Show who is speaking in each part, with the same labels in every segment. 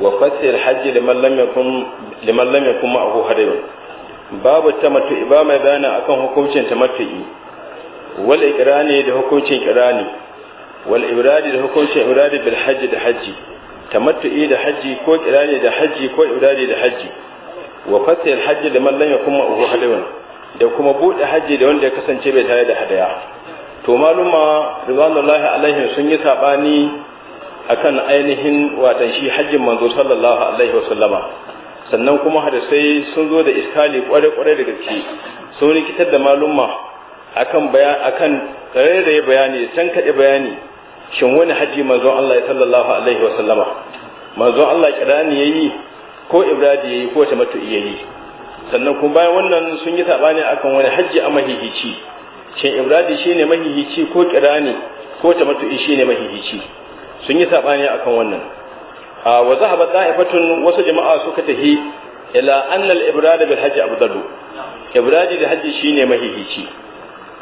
Speaker 1: wa fasil hajji liman lam yakun liman lam yakun ma'ahu hadayun babu tamattu ba mai bayani akan hukuncin tamattu'i wal iqrani da hukuncin kirani wal ibradi da hukuncin ibradi bil hajji da hajji tamattu'i da haji ko kirani da haji ko ibradi da haji wa fasil hajji liman lam yakun ma'ahu hadayun da kuma bude haji da wanda ya kasance bai tare da hadaya to maluma ridwanullahi alaihim sun yi sabani akan ainihin watan shi hajjin manzo sallallahu alaihi wasallama sannan kuma hadisai sun zo da iskali kware-kware da gaske sun rikitar da malumma akan bayan akan tsare bayani can kaɗe bayani shin wani hajji manzo Allah sallallahu alaihi wasallama manzo Allah kirani yayi ko ibradi yayi ko tamattu yayi sannan kuma bayan wannan sun yi sabani akan wani hajji a mahihici shin ibradi shine mahihici ko kirani ko tamattu shine mahihici sun yi sabani akan wannan wa zahaba da'ifatun wasu jama'a suka tahi ila anna al-ibrad bil hajj abdalu ibrad bil hajji shine mahihici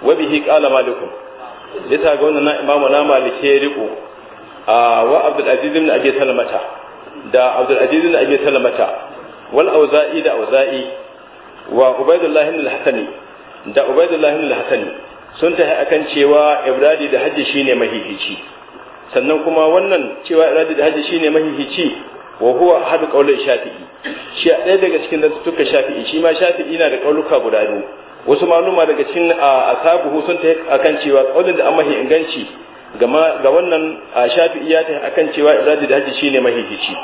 Speaker 1: wa bihi qala malikum bisa ga wannan na imamu na malike riko wa abdul aziz ibn abi salamata da abdul aziz ibn abi salamata wal auza'i da auza'i wa ubaidullah ibn al-hasani da ubaidullah ibn al-hasani sun tahi akan cewa ibradi da hajji shine mahihici sannan kuma wannan cewa iradi da hajji shine mahihici wa huwa hadu qaulul shafi'i shi ɗaya daga cikin zantuttukan shafi'i shi ma shafi'i na da qauluka guda biyu wasu maluma daga cikin asabuhu sun ta akan cewa qaulin da amma mahi gama ga wannan shafi'i ya ta akan cewa iradi da hajji shine mahihici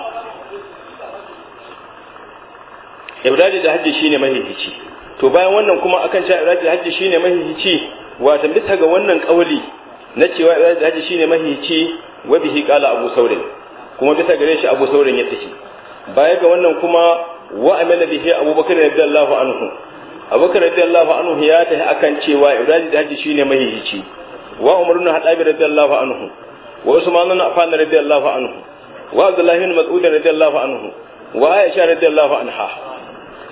Speaker 1: iradi da hajji shine mahihici to bayan wannan kuma akan cewa iradi da hajji shine mahihici wa tambita ga wannan kauli na cewa daji shine mahici wa bihi qala abu saurin kuma bisa gare shi abu saurin ya tafi baya ga wannan kuma wa amala bihi abubakar radiyallahu anhu abubakar radiyallahu anhu ya tafi akan cewa da daji shine mahici wa umar ibn hadabi radiyallahu anhu wa usman ibn affan radiyallahu anhu wa abdullahi bin mas'ud radiyallahu anhu wa aisha radiyallahu anha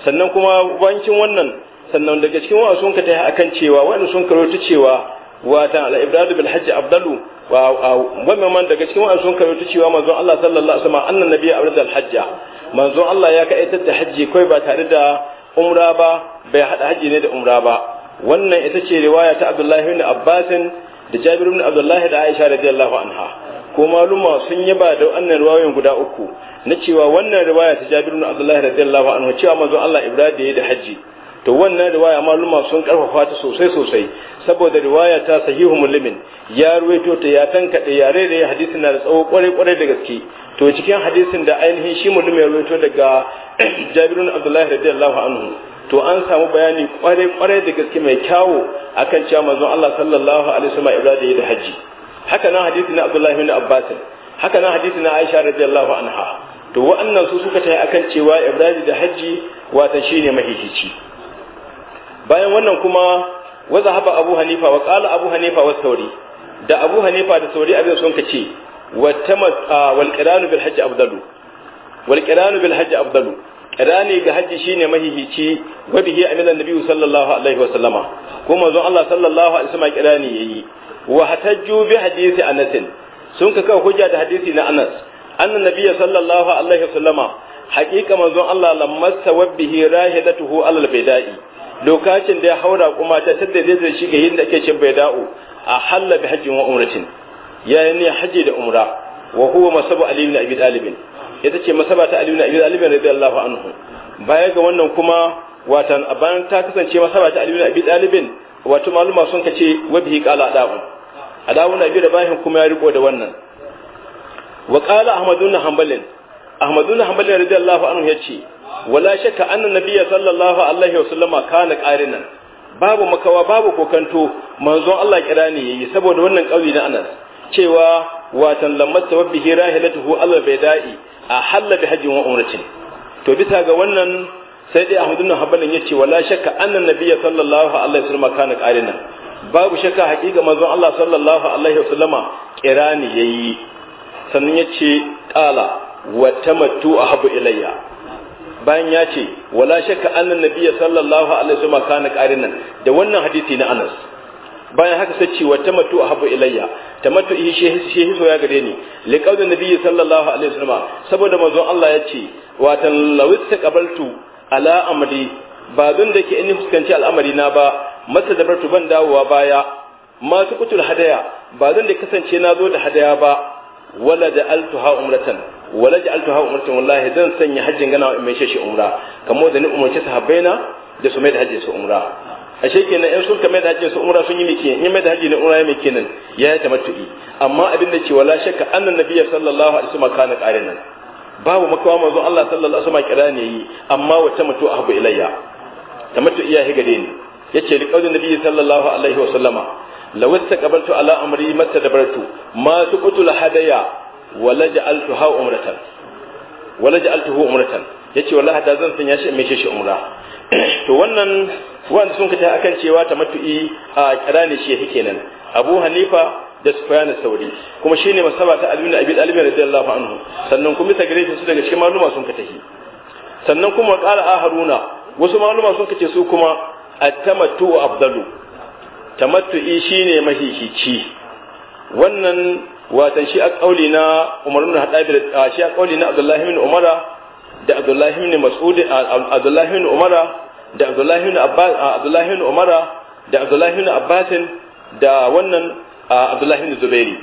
Speaker 1: sannan kuma bancin wannan sannan daga cikin wa sun ka tafi akan cewa wani sun ta cewa watan ala ibradu bil hajji afdalu wa wannan man daga cikin wa'an sun karanto cewa manzon Allah sallallahu alaihi wasallam annan nabiyyi abrada al hajja manzon Allah ya kai da hajji kai ba tare da umra ba bai hada hajji ne da umra ba wannan ita ce riwaya ta Abdullah ibn Abbas da Jabir ibn Abdullah da Aisha radiyallahu anha ko maluma sun yi ba da wannan riwayoyin guda uku na cewa wannan riwaya ta Jabir ibn Abdullah radiyallahu anhu cewa manzon Allah ibrada da hajji to wannan riwaya maluma sun karfafa ta sosai sosai saboda riwaya ta sahihu mulmin ya ruwaito ta ya tankade yare da hadisin na da tsawo kwarai kwarai da gaske to cikin hadisin da ainihin shi mulmin ya ruwaito daga bin Abdullah radiyallahu anhu to an samu bayani kwarai kwarai da gaske mai kyawo akan cewa manzon Allah sallallahu alaihi wasallam ibada da haji haka nan hadisi na Abdullah bin Abbas haka nan hadisi na Aisha radiyallahu anha to wa'annan su suka tayi akan cewa ibada da haji wata shine mahihici bayan wannan kuma waza haba abu hanifa wa qala abu hanifa wa sauri da abu hanifa da sauri abin sun ka ce wa tamat wal qiranu bil hajj afdalu wal qiranu bil hajj afdalu qirani ga hajji shine mahihici wa bihi amila nabi sallallahu alaihi wa sallama ko manzon Allah sallallahu alaihi wasallam qirani yayi wa hatajju bi hadisi Anas sun ka kawo hujja da hadisi na Anas annan nabiyya sallallahu alaihi wa sallama haqiqa manzon Allah lamma sawabbihi rahilatuhu alal bidai lokacin da ya haura kuma ta tadda da zai shiga yin da ake cin bai da'u a halla bi hajjin wa umratin ya ne haji da umra wa huwa masabu ali ibn abi talib ita ce masaba ta ali ibn abi talib radiyallahu anhu baya ga wannan kuma watan bayan ta kasance masaba ta ali ibn abi talib wato maluma sun kace wa bihi qala adawu adawu na bi da bayan kuma ya riko da wannan wa qala ahmadun hanbalin ahmadun hanbalin radiyallahu anhu yace wala shakka annan nabiyya sallallahu alaihi wasallama kana qarinan babu makawa babu kokanto manzon Allah kirani yayi saboda wannan kauli na Anas cewa watan lammat tabbihi rahilatuhu Allah bai da'i a halla bi hajji wa umratin to bisa ga wannan sai dai Ahmad ibn Hanbal yace wala shakka anna nabiyya sallallahu alaihi wasallam kana qarinan babu shakka hakika manzon Allah sallallahu alaihi wasallama kirani yayi sannan yace qala wa tamattu ahabu ilayya bayan ya ce wala shakka annan nabiyya sallallahu alaihi wasallam kana qarinan da wannan hadisi na Anas bayan haka sai ce wa habu ahabu ilayya tamatu shi shi so ya gare ni li nabiyyi sallallahu alaihi wasallam saboda manzon Allah ya ce wa tan lawitta qabaltu ala amri ba don da ke in fuskanci al'amari na ba masa dabartu ban dawowa baya masu kutul hadaya ba zan da kasance na zo da hadaya ba wala da altuha umratan wala da altuha umratan wallahi zan sanya hajjin gana in mai shi umra kamar da ni umarci sahabbaina da su mai da hajjin su umra ashe kenan in sun mai da hajjin su umra sun yi miki in mai da hajji ne umra miki kenan ya yi tamattu'i amma abin da ce wala shakka annan nabiyyi sallallahu alaihi wasallam kana nan babu makawa manzo Allah sallallahu alaihi wasallam ne yi amma wata mutu ahbu ilayya tamattu'i ya hi gare ni yace li qaulin nabi sallallahu alaihi wa sallama law istaqbaltu ala amri mata dabartu ma la hadaya wala ja'altu ha umratan wala ja'altuhu umratan yace wallahi da zan sanya shi mai shi umra to wannan wanda sun kace akan cewa ta matu'i a kirani shi yake kenan Abu Hanifa da Sufyan Sauri kuma shine masaba ta Ali Abi Talib radiyallahu anhu sannan kuma bisa gare su daga cikin maluma sun tafi sannan kuma qala a Haruna wasu maluma sun kace su kuma at-tamattu afdalu tamattu'i shine mahihici wannan watan shi a kauli na Umar ibn Hadabi da shi a kauli na Abdullah ibn Umar da Abdullah ibn Mas'ud Abdullah ibn Umar da Abdullah ibn Abbas Abdullah ibn Umar da Abdullah ibn Abbas da wannan Abdullah ibn Zubairi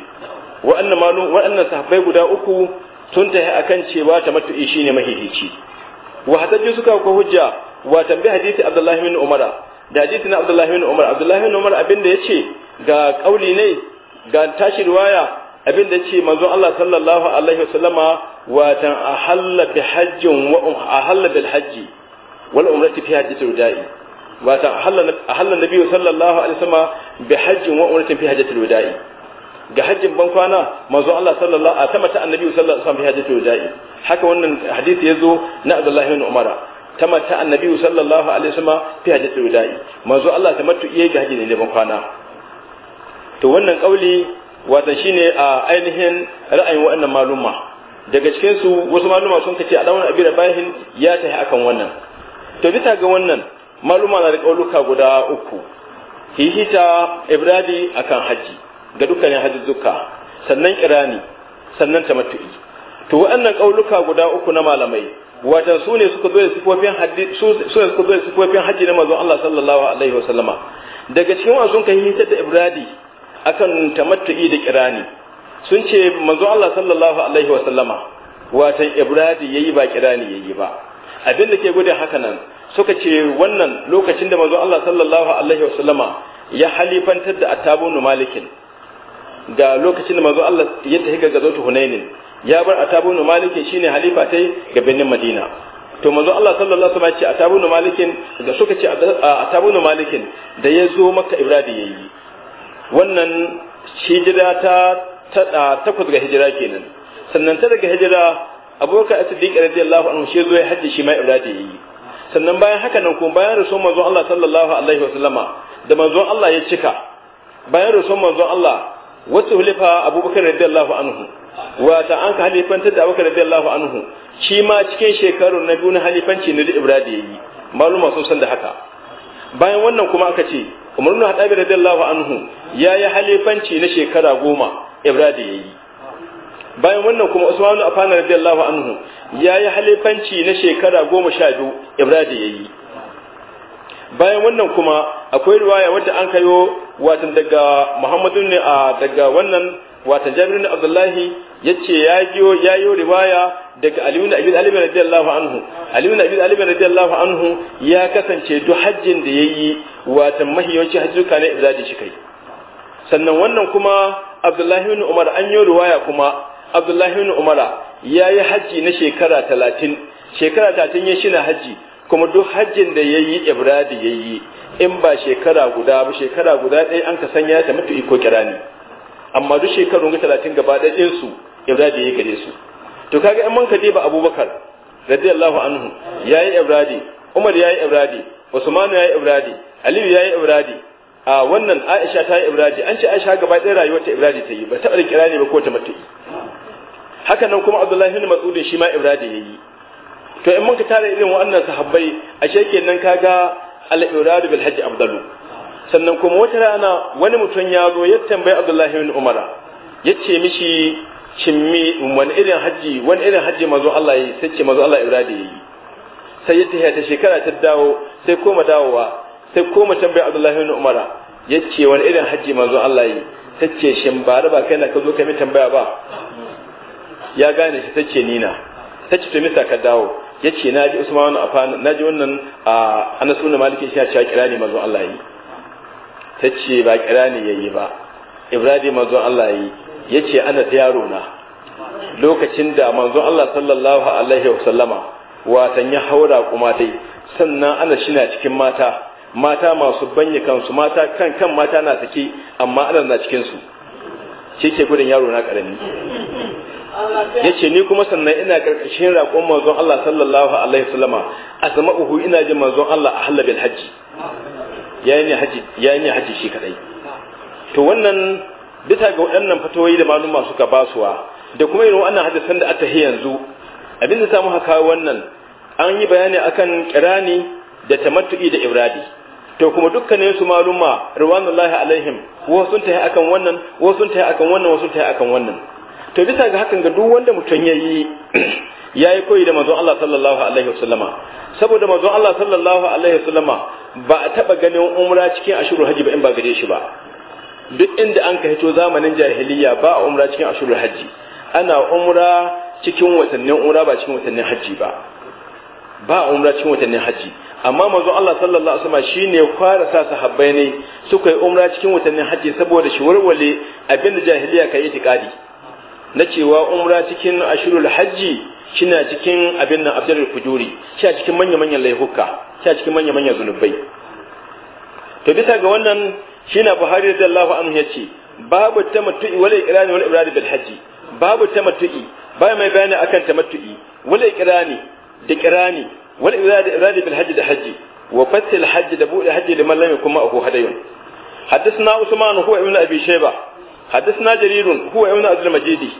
Speaker 1: wa'annan malum wa'annan sahabbai guda uku sun tahi akan cewa tamattu'i shine mahihici wa hadajju suka ko hujja wa tambi hadisi abdullahi bin umar da hadisi na abdullahi bin umar abdullahi bin umar abinda yace ga kauli ne ga tashi riwaya abinda yace manzon Allah sallallahu alaihi wasallama wa tan ahalla bi hajjin wa um-, ahalla bil hajji wal umrati fi hajjati wada'i wa tan ahalla ahalla nabi sallallahu alaihi wasallama bi hajjin wa umrati fi hajjati wada'i ga hajjin ban kwana manzo Allah sallallahu a ta mata annabi sallallahu alaihi wasallam bi hajjatul wada'i haka wannan hadisi yazo na abdullahi bin Umar tamatta annabi sallallahu alaihi wasallam fi hajjatul wada'i manzo Allah tamattu iya ga haji ne da kwana to wannan kauli wato shine a ainihin ra'ayin wa'annan maluma daga cikin su wasu maluma sun kace a dawon abira bahin ya tahi akan wannan to bisa ga wannan maluma na da kauluka guda uku hihita ibradi akan haji ga dukkanin hajjuka sannan kirani sannan ta tamattu'i to waɗannan kauluka guda uku na malamai wata su ne suka zo sifofin haddi su ne suka zo sifofin haji na manzon Allah sallallahu alaihi wasallama daga cikin wasu kan hitar da ibradi akan tamattu'i da kirani sun ce manzon Allah sallallahu alaihi wasallama watan ibradi yayi ba kirani yayi ba abin da ke gudun haka nan suka ce wannan lokacin da manzon Allah sallallahu alaihi wasallama ya halifantar da attabunu malikin ga lokacin da manzon Allah ya tafi ga gazotu hunainin Jabir Atabunu Malikin shine halifa tai ga birnin Madina to manzo Allah sallallahu alaihi wasallam ya ce Atabunu Malikin da suka ce Atabunu Malikin da ya zo Makka Ibrahim yayi wannan hijira ta takwas ga hijira kenan sannan ta daga hijira abubakar as-siddiq radiyallahu anhu shi zo ya hajji shi ma ibradi yayi sannan bayan haka nan kuma bayan rasul manzo Allah sallallahu alaihi wasallama da manzo Allah ya cika bayan rasul manzo Allah wasu hulifa abubakar radiyallahu anhu wata an ka halifanta da abubakar radiyallahu anhu shi ma cikin shekaru na biyu na halifanci na da ibrahim ya yi maluma sun san da haka bayan wannan kuma aka ce umar ibn hadabi radiyallahu anhu ya yi halifanci na shekara goma ibrahim ya yi bayan wannan kuma usman ibn affan radiyallahu anhu ya yi halifanci na shekara goma sha biyu ibrahim ya yi bayan wannan kuma akwai riwaya wadda an kayo watan daga muhammadu ne a daga wannan watan jabir ne abdullahi yace ya ce ya yi riwaya daga aliyu na abin alimin radiyallahu anhu aliyu na abin alimin radiyallahu anhu ya kasance duk hajjin da ya yi watan mahiyanci hajjuka ne izaji shi kai sannan wannan kuma abdullahi ibn umar an yi riwaya kuma abdullahi ibn umar ya yi hajji na shekara talatin shekara talatin ya shi na hajji kuma duk hajjin da ya yi ibradi ya yi in ba shekara guda ba shekara guda ɗaya an ka sanya ta mutu iko ne amma duk shekarun ga talatin gaba ɗayan su ibradi ya yi gare su to kaga in mun ka ba abubakar radiyallahu anhu ya yi ibradi umar ya yi ibradi usman ya yi ibradi aliyu ya yi ibradi a wannan aisha ta yi ibradi an ce aisha gaba ɗaya rayuwar ta ibradi ta yi ba taɓa ne ba ko ta mutu haka nan kuma abdullahi bin mas'ud shi ma ibradi ya yi to in mun ka tare irin wannan sahabbai ashe kenan kaga al-iradu bil hajji afdalu sannan kuma wata rana wani mutum ya zo ya tambayi Abdullahi bin Umara ya ce mishi shin me wani irin hajji wani irin hajji mazo Allah yi sai ce mazo Allah iradi yi sai ya tafiya ta shekara ta dawo sai koma dawowa sai koma tambayi Abdullahi bin Umara ya ce wani irin hajji mazo Allah yi sai ce shin ba ba kai na ka zo ka mi tambaya ba ya gane shi sai ce ni na ta ce to ka dawo ya ce na ji Usman Affan na ji wannan Anas ibn Malik shi ya ce kira ne manzon Allah yi ta ce ba kira ne yayi ba Ibrahim manzon Allah yi ya ce ana ta yaro na lokacin da manzon Allah sallallahu alaihi wa sallama watan ya haura kuma dai sannan ana na cikin mata mata masu banye kansu mata kan kan mata na sake amma ana na cikin su shi ke gudun yaro na karami yace ni kuma sannan ina karkashin raƙon manzon Allah sallallahu alaihi wasallama uhu ina jin manzon Allah a halabil hajji ya haji yayin ya haji shi kadai to wannan bisa ga waɗannan fatoyi da malumma suka basuwa da kuma irin wannan hadisan da aka yi yanzu abin da samu haka wannan an yi bayani akan kirani da tamattu'i da ibradi to kuma dukkanin su malumma ruwanullahi alaihim wasu sun akan wannan wasu sun tahi akan wannan wasu sun tahi akan wannan to bisa ga hakan ga duk wanda mutum ya yi ya yi koyi da manzon Allah sallallahu alaihi wasallama saboda manzon Allah sallallahu alaihi wasallama ba a taba ganin umra cikin ashurul hajji ba in ba gare shi ba duk inda an ka hito zamanin jahiliya ba a umra cikin ashurul hajji ana umra cikin watannin umra ba cikin watannin hajji ba ba a umra cikin watannin hajji amma manzon Allah sallallahu alaihi wasallama shine fara sa sahabbai ne suka yi umra cikin watannin hajji saboda shi warwale abinda jahiliya kai itikadi na cewa umra cikin ashirul hajji kina cikin abin nan abdul kujuri kina cikin manya manyan laihuka kina cikin manya manyan zunubai to bisa ga wannan shine buhari radiyallahu anhu yace babu tamattu'i wal iqrani wal ibrari bil hajji babu tamattu'i ba mai bayani akan tamattu'i wal iqrani da qirani wal ibrari bil hajji da hajji wa fatil hajji da bude hajji liman lam yakun ma'ahu hadayun حدثنا عثمان هو ابن ابي شيبه حدثنا جرير هو ابن عبد المجيد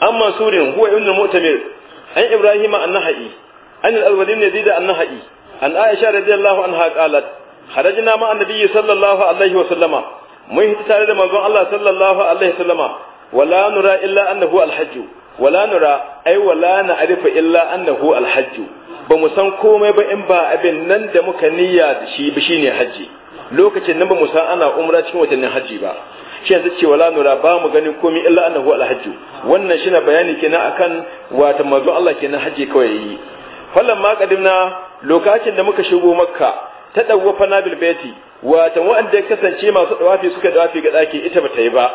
Speaker 1: an mansurin huwa ibn mu'tamir an ibrahim an-nahai an al-azwadi ibn yazid an-nahai an aisha radiyallahu anha qalat kharajna ma an-nabiy sallallahu alaihi wa sallama mun hita tare da manzon Allah sallallahu alaihi wa sallama wala nura illa annahu al-hajj wala nura ai wala na arifa illa annahu al-hajj ba mu san komai ba in ba abin nan da muka niyya da shi ba shine haji lokacin nan ba mu san ana umra cikin watannin haji ba shi yanzu cewa la nura ba mu ganin komai illa annahu alhajju wannan shi na bayani kenan akan wata manzo Allah kenan haji kawai yi falan ma kadimna lokacin da muka shigo makka ta fa nabil baiti watan wanda ya kasance masu dawafi suka dawafi ga daki ita ba ta yi ba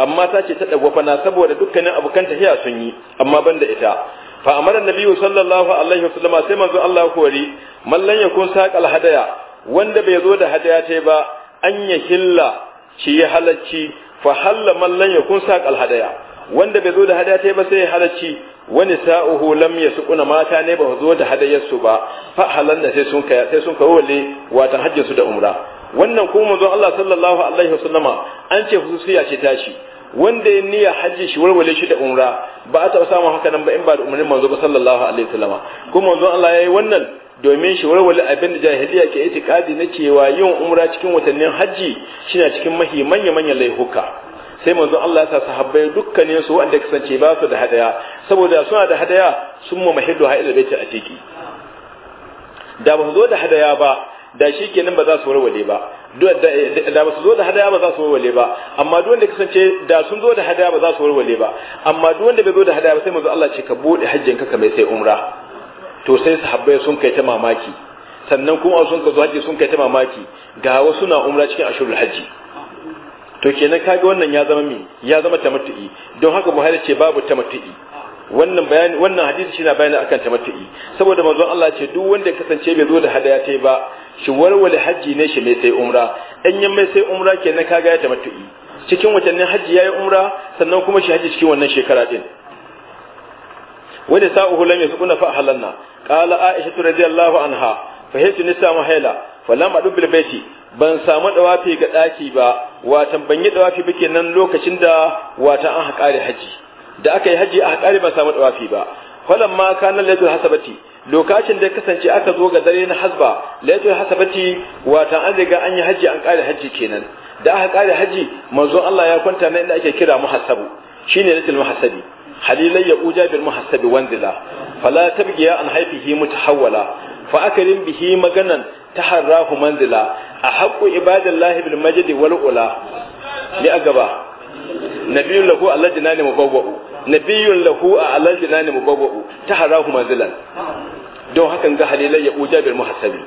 Speaker 1: amma ta ce ta fa na saboda dukkanin abokan tahiya sun yi amma banda ita fa amara annabi sallallahu alaihi wasallama sai manzo Allah kori mallan yakun saqal hadaya wanda bai zo da hadaya ta yi ba an ya hilla shi ya halacci fa halla man lam yakun saqal hadaya wanda bai zo da hadaya tai ba sai ya halacci wani sa'uhu lam yasquna mata ne ba zo da hadayar su ba fa halanna sai sun sai sun kawo le wata hajjin su da umra wannan kuma manzo Allah sallallahu alaihi wasallama an ce hususiya ce tashi wanda ya niyya hajji shi warware shi da umra ba a taɓa samun haka nan ba in ba da umarnin manzo ba sallallahu alaihi wasallama kuma manzo Allah yayi wannan domin shi warware abin da jahiliya ke itikadi na cewa yin umra cikin watannin hajji shine cikin mahi manya manyan laihuka sai manzo Allah ya sa sahabbai dukkanin su wanda kasance ba su da hadaya saboda suna da hadaya sun mu mahiddu ha ila baiti atiki da ba zo da hadaya ba da shi kenan ba za su warware ba da ba su zo da hadaya ba za su warware ba amma duk wanda kasance da sun zo da hadaya ba za su warware ba amma duk wanda bai zo da hadaya ba sai manzo Allah ce ka bude hajjin ka kamar sai umra to sai sahabbai sun kai ta mamaki sannan kuma sun ka zo hajji sun kai ta mamaki ga wasu na umra cikin ashurul hajji to kenan kaga wannan ya zama mi ya zama tamattu'i don haka Buhari ce babu tamattu'i wannan bayani wannan hadisi shi na bayani akan tamattu'i saboda manzon Allah ce duk wanda kasance bai zo da hadaya ta ba shi warware hajji ne shi mai sai umra in yin mai sai umra ke na kaga ya tamattu'i cikin watannin hajji yi umra sannan kuma shi hajji cikin wannan shekara din wanda sa'uhu lam yasquna fa halanna qala aisha radiyallahu anha fa hitu nisa mahila fa lam adu bil ban samu dawafi ga daki ba watan ban yi dawafi ba kenan lokacin da watan an haƙari hajji da aka yi hajji a haƙari ban samu dawafi ba falamma kana lailatul hasabati lokacin da kasance aka zo ga dare na hasba laitu hasabati wata an riga an yi haji an kare haji kenan da aka kare haji manzon Allah ya kwanta na inda ake kira muhasabu shine lailatul muhasabi halilai ya uja bil muhasabi, wanzila fala ya an haifihi mutahawwala fa akrim bihi maganan taharrahu manzila ahaqqu ibadallahi bil majdi wal ula li agaba nabiyullahu alladhi nani mubawwa'u nabiyyun lahu a alal jinani mubawwa'u taharahu manzilan don hakan ga halilai ya uja bil muhasabi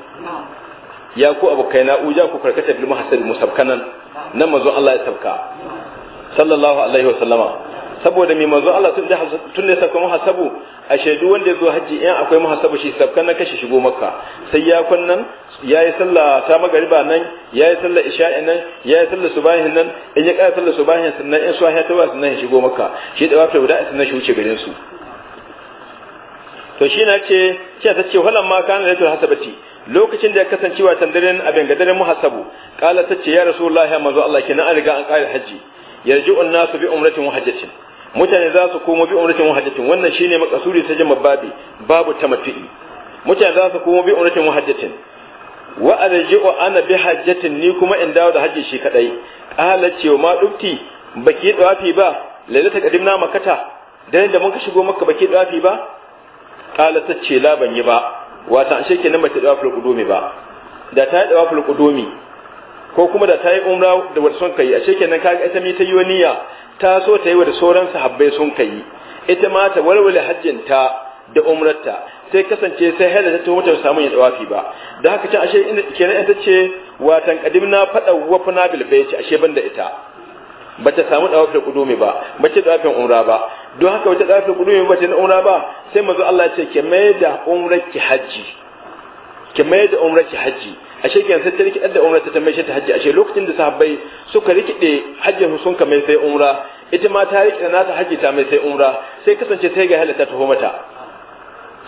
Speaker 1: ya ku abokaina uja ku karkata bil muhasabi musabkanan nan manzo Allah ya sabka sallallahu alaihi wa saboda mai manzo Allah tun da tun da sabka muhasabu a shaidu wanda ya zo hajji in akwai muhasabu shi sabkan na kashi shigo makka sai ya kunnan ya yi sallah ta magariba nan ya yi sallah isha'i nan ya yi sallah subahin nan in ya kara sallah subahin sannan in suwa ta tawa sannan ya shigo makka shi da wafi guda sannan shi wuce garin su to shi na ce kiya ta ce walan ma kana da hasabati lokacin da ya kasance wa tandarin abin gadarin muhasabu kala ta ce ya rasulullahi manzo Allah kenan an riga an kare haji yarji'un nasu bi umratin wa hajjatin mutane za su komo bi umratin muhajjatin wannan shine makasuri sai jama babi babu tamattu'i mutane za su komo bi umratin muhajjatin wa arji'u ana bi hajjatin ni kuma in dawo da hajji shi kadai qala cewa ma dukti baki dawafi ba lailata qadimna makata dan da ka shigo makka baki dawafi ba qala ta ce la ban yi ba wata ashe kenan baki dawafi qudumi ba da ta yi dawaful qudumi ko kuma da ta yi umra da wasu kai ashe kenan kaga ita mi ta yi niyya ta so ta yi wa da sauran sahabbai sun kai ita ma ta walwale hajjinta da umrarta sai kasance sai haila ta mutu samu yin tsawafi ba da haka can ashe inda nan ita ce watan kadim na fada wafna bil bayti ashe banda ita bata samu dawafin kudumi ba bace dawafin umra ba don haka wata dawafin kudumi ba ta umra ba sai manzo Allah ya ce ke mai da umrarki ki haji ke mai da umrarki haji ashe kenan sai ta rikidar da umra ta tambaye ta hajji ashe lokacin da sahabbai suka rikide hajjin su sun kamai sai umra ita ma ta rikida nata hajji ta mai sai umra sai kasance sai ga halatta ta mata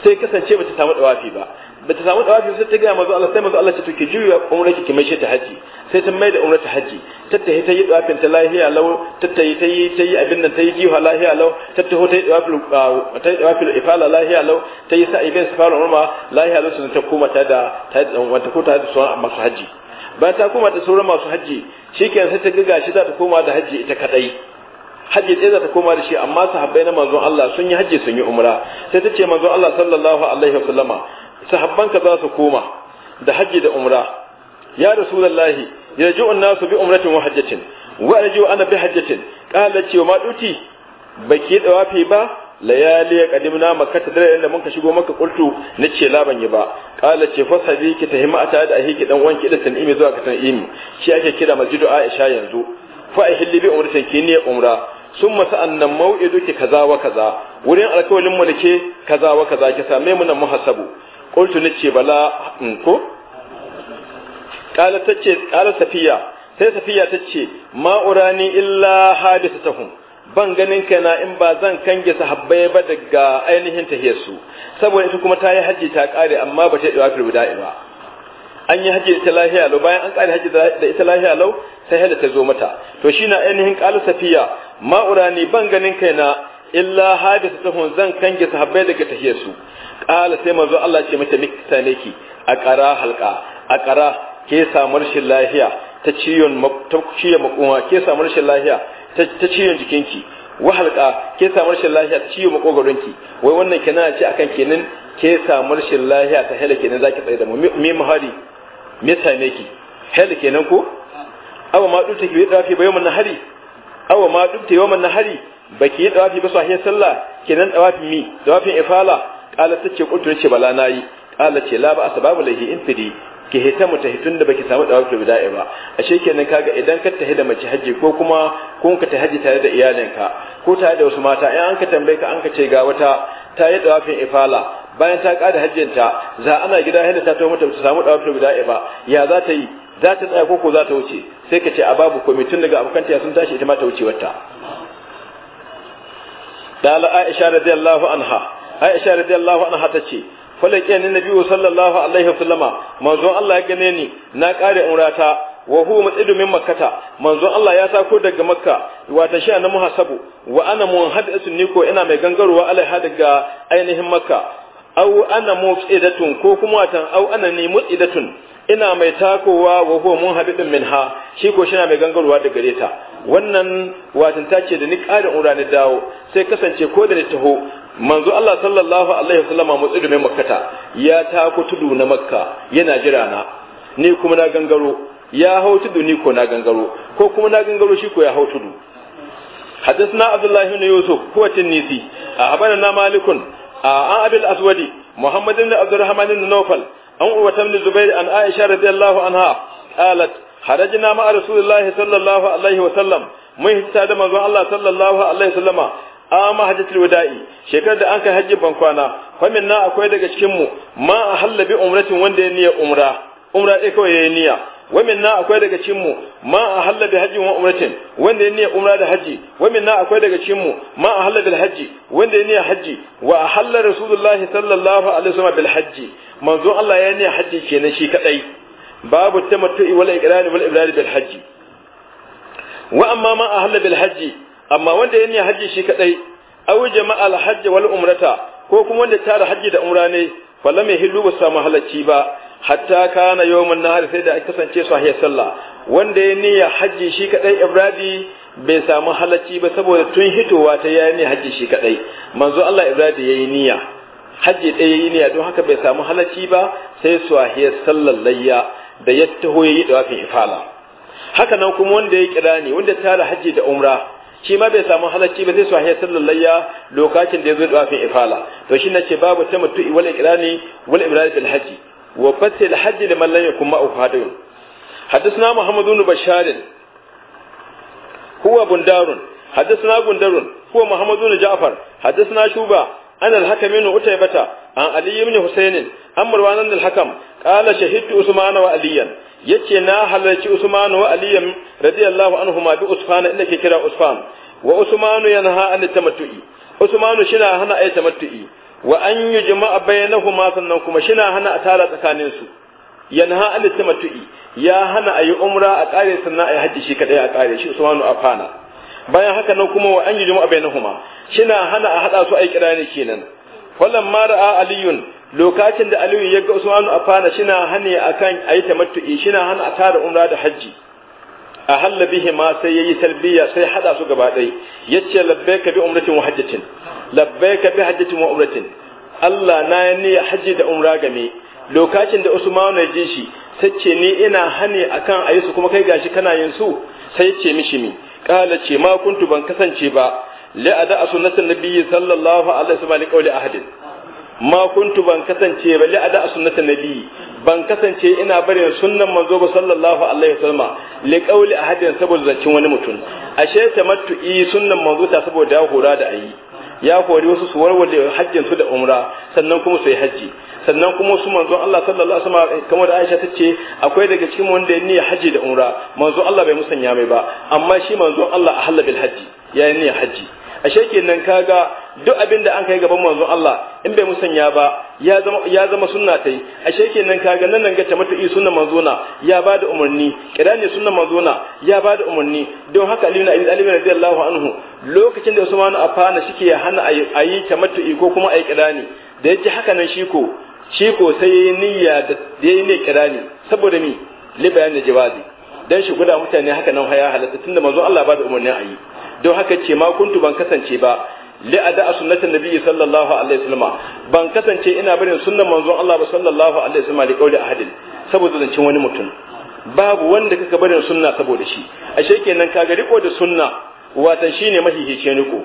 Speaker 1: sai kasance bata samu dawafi ba bata samu dawafi sai ta ga manzo Allah sai manzo Allah ce to ki juya umra ki mai shi ta haji sai ta mai da umra ta haji ta tahi ta yi dawafin ta lahiya lau ta tahi ta yi ta yi abin nan ta yi jiha lahiya lau ta taho ta yi dawafin ah, ta yi dawafin ifala lahiya lau ta yi sa'i bin safar umma lahiya lau sun ta koma ta da ta yi wata ko ta da sauran masu haji bayan ta koma da sauran masu haji shikenan sai ta ga gashi za ta koma da haji ita kadai hajji sai za ta koma da shi amma sahabbai na manzon Allah sun yi hajji sun yi umra sai ta ce manzon Allah sallallahu alaihi wasallama sahabban ka za su koma da hajji da umra ya rasulullahi ji an-nasu bi umratin wa hajjatin wa ji ana bi hajjatin qala ce ma duti baki da wafi ba layali ya qadimna makkata da inda ka shigo maka kultu nace la ban yi ba qala ce fa sabiki tahima ata da ahiki dan wanki da tan'imi zuwa ka tan'imi shi ake kira masjidu aisha yanzu fa ahilli bi umratin ki ne umra summa sa'annan mau'iduki kaza wa kaza wurin alƙawalin mu dake kaza wa kaza ki same mu nan muhasabu qultu nace bala in hmm, ko qala tace qala safiya sai safiya tace ma urani illa hadisatahum ban ganin kana in ba zan kange sahabbai ba daga ainihin tahiyarsu saboda ita kuma ta yi hajji ta kare amma ba ta yi wafir guda ba an yi haji da ita lahiya lau bayan an kare haji da ita lahiya lau sai hada ta zo mata to shi na ainihin ƙalu safiya ne ban ganin kai na illa ta tahun zan kange su habbai daga su ƙala sai manzo Allah ce mata mikta ki a ƙara halka a ƙara ke samu rashin lahiya ta ciyon ta makoma ke samu rashin lahiya ta ciyon jikinki wa halka ke samu rashin lahiya ta ciyon makogaronki wai wannan kenan ce akan kenan ke samu rashin lahiya ta hela kenan zaki tsaye da mu me mahari me same ki hela kenan ko awa ma dubta ki dafi ba yawan nahari awa ma dubta yawan nahari baki dafi ba sahiyar sallah kenan dawafin mi dawafin ifala qala tace kuntu ce bala nayi qala ce la ba asbabu lahi intidi ki hita mu tahitun da baki samu dawafin bida'i ba ashe kenan kaga idan ka tahida da mace haji ko kuma kun ka tahaji tare da iyalinka ko tare da wasu mata in an ka tambaye ka an ka ce ga wata ta yi dawafin ifala bayan ta kada hajjinta za ana gida hinda ta to mata ta samu dawafin bida'i ba ya za ta yi za ta tsaya koko za ta wuce sai ka ce a babu kwamitin daga tiya sun tashi ita ma ta wuce wata dala aisha radiyallahu anha aisha radiyallahu anha ta ce falaƙiya ni nabiyu sallallahu alaihi sallama manzon Allah ya gane ni na kare umrata wa huwa matsidu min makkata manzon Allah ya sako daga makka wa ta sha na muhasabu wa ana muhaddasu ni ko ina mai gangarwa alaiha daga ainihin makka au ana mutsidatun ko kuma watan au ana ni mutsidatun ina mai takowa wa huwa mun habibin minha shi ko shi na mai gangarwa da gare ta wannan watan take da ni ƙarin ura dawo sai kasance ko da ni taho manzo Allah sallallahu alaihi wasallama mai makkata ya tako tudu na makka yana jira na ni kuma na gangaro ya hau tudu ni ko na gangaro ko kuma na gangaro shi ko ya hau tudu حدثنا عبد الله بن يوسف هو التنيسي أخبرنا مالك عن أبي الأسود محمد بن عبد الرحمن بن نوفل an uwata min zubair an aisha radiyallahu anha qalat kharajna ma rasulillahi da manzon Allah sallallahu alaihi wa shekarar da an kai hajji ban kwana fa akwai daga cikin mu ma ahalla wanda yayi wa minna akwai daga cikin mu ma ahalla da hajji wa umratin wanda ne umra da haji wa minna akwai daga cikin mu ma ahalla da haji wanda ne haji wa ahalla rasulullahi sallallahu alaihi wasallam bil haji manzo Allah ya ne haji kenan shi kadai babu tamattu'i wal iqrar wal ibrar bil haji wa amma ma ahalla bil haji amma wanda ya ne haji shi kadai aw jama'al hajji wal umrata ko kuma wanda tara haji da umra ne falam yahillu ba samu halacci ba hatta kana yawmun nahar sai da aka kasance sahiyar sallah wanda ya niyya hajji shi kadai ibradi bai samu halacci ba saboda tun hitowa ta yayi ne haji shi kadai manzo Allah ibradi yayi niyya hajji ɗaya yayi niyya don haka bai samu halacci ba sai sahiyar sallar layya da ya taho yayi wafin ifala haka nan kuma wanda ya kira ne wanda tara haji da umra shi ma bai samu halacci ba sai zai sahiya layya lokacin da ya zo wafin ifala to shi ce babu ta mutu wal ikrani wal ibrahim bil haji وفتح الحج لمن لم يكن معه هدي حدثنا محمد بن بشار هو بندار حدثنا بندار هو محمد بن جعفر حدثنا شوبة عن الحكم بن عتيبة عن علي بن حسين عن مروان بن الحكم قال شهدت عثمان وعليا yace na halarci Usman wa Ali radiyallahu anhuma bi Usfana inda ke kira Usfan wa Usman yanha an tamattu'i Usman shina hana ayi tamattu'i wa an yi jima'a bayanahuma sannan kuma shina hana a tara tsakanin su yanha an ya hana a yi umra a kare sannan a yi hajji shi kadai a kare shi usmanu afana bayan haka nan kuma wa an yi jima'a shina hana a haɗa su a yi kirani kenan wallan ma ra'a aliyun lokacin da aliyu ya ga usmanu afana shina hane akan a yi tamattu'i shina hana a tara umra da hajji a halla bihi ma sai yayi talbiya sai hada su gaba ɗaya yace labbaika bi umratin wa hajjatin labbaika bi hajjatin wa umratin Allah na ya niyya haji da umra game lokacin da Usmanu ya ji shi sai ce ni ina hani akan ayi su kuma kai gashi kana yin su sai ce mishi mi kala ce ma kuntu ban kasance ba la'ada a sunnatin nabiyyi sallallahu alaihi wasallam li qawli ahadin ma kuntu ban kasance ba li ada sunnata nabi ban kasance ina barin sunnan manzo ba sallallahu alaihi wasallam li qawli ahadin saboda zancin wani mutum ashe tamattu'i sunnan manzo ta saboda ya hora da ayi ya kori wasu su warware hajjin su da umra sannan kuma su yi hajji sannan kuma su manzon Allah sallallahu alaihi wasallam kamar da Aisha tace akwai daga cikin wanda ya niyya haji da umra manzon Allah bai musanya mai ba amma shi manzon Allah ahalla bil hajji ya niyya hajji ashe kenan kaga duk abin da an kai gaban manzon Allah in bai musanya ba ya zama ya zama sunna tai ashe kenan kaga nan nan ga ta mata sunna manzona ya bada umarni kirani sunna manzona ya bada umarni don haka Ali ibn Abi Talib radiyallahu anhu lokacin da Usman fana shike ya hana ayi ta mata ko kuma ayi kirani da yaji haka nan shi ko shi ko sai yayi niyya da yayi ne kirani saboda mi li bayan jawazi dan shi guda mutane haka nan haya halatta tunda manzon Allah bada umarni ayi don haka ce ma kuntu ban kasance ba li ada sunnatin nabi sallallahu alaihi wasallam ban kasance ina barin sunnan manzon Allah ba sallallahu alaihi wasallam da kauli ahadin saboda zancin wani mutum babu wanda kaka barin sunna saboda shi ashe kenan ka ga riko da sunna watan shine mahihice riko